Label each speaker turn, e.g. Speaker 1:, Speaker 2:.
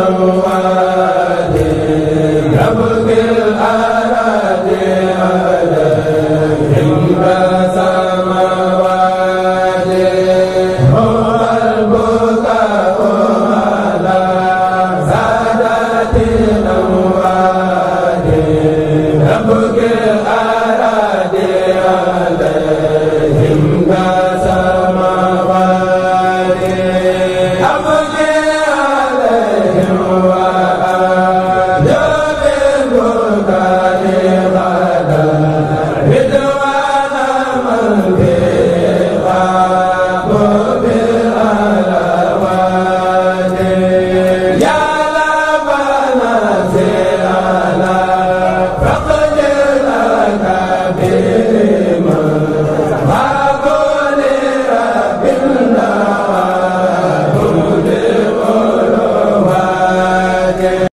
Speaker 1: رب